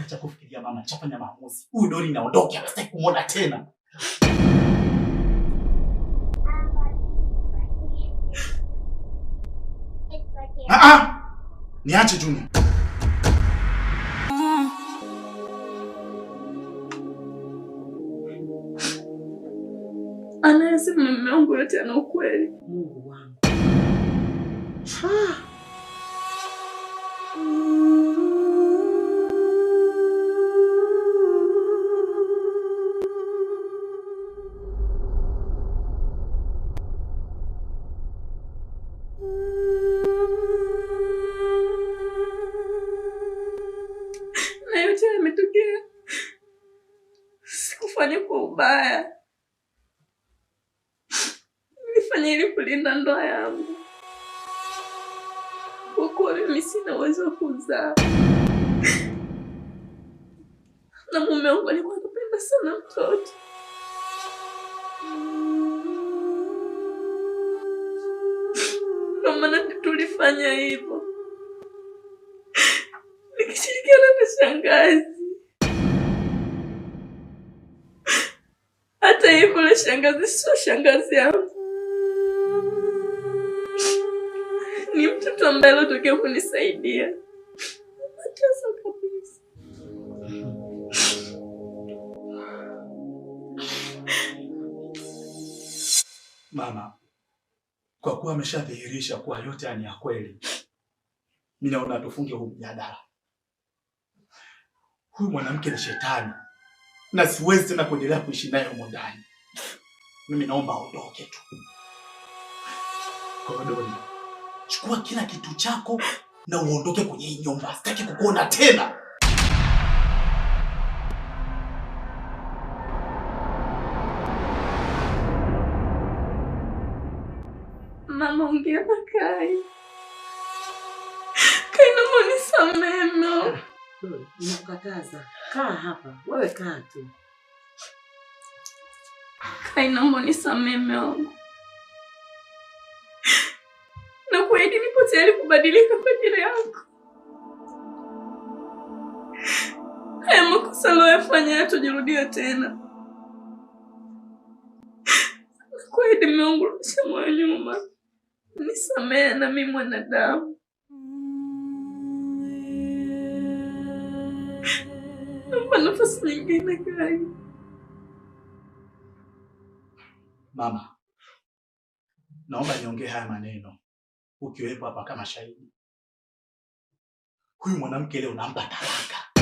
Acha kufikiria mama, chafanya maamuzi. Huyu Dori naondoke, hataki kumwona tena. Ah, ah! niache Juni. Anayesema mume wangu yote ana ukweli. Mungu wangu. Ah. yametokea. Sikufanya kwa ubaya, nilifanya ili kulinda ndoa yangu, kwa kuwa mimi sina uwezo wa kuzaa na mume wangu alikuwa anapenda sana mtoto. Ndio maana tulifanya hivyo nikishirikiana na shangazi. Hata hivyo yule shangazi sio shangazi yangu, ni mtoto ambaye alotokea kunisaidia mateso kabisa. Mama, kwa kuwa ameshadhihirisha kuwa yote ni ya kweli, mi naona tufunge huu mjadala. Huyu mwanamke ni shetani na siwezi tena kuendelea kuishi naye humo ndani. Mimi naomba aondoke tu. Kodoni, chukua kila kitu chako na uondoke kwenye hii nyumba, sitaki kukuona tena. Mama, ongea na Kai. Kai, naomba unisamehe. Nakukataza, kaa hapa wewe, kaa tu. Kai, naomba nisamehe mume wangu, nakuahidi nipo tayari kubadilika kwa ajili yako. Haya makosa aliyoyafanya hatajirudia tena, nakuahidi mume wangu, rusha moyo nyuma, nisamehe na mimi mwanadamu Just thinking again. Mama, naomba niongee haya maneno ukiwepo hapa kama shahidi. Huyu mwanamke leo nampa talaka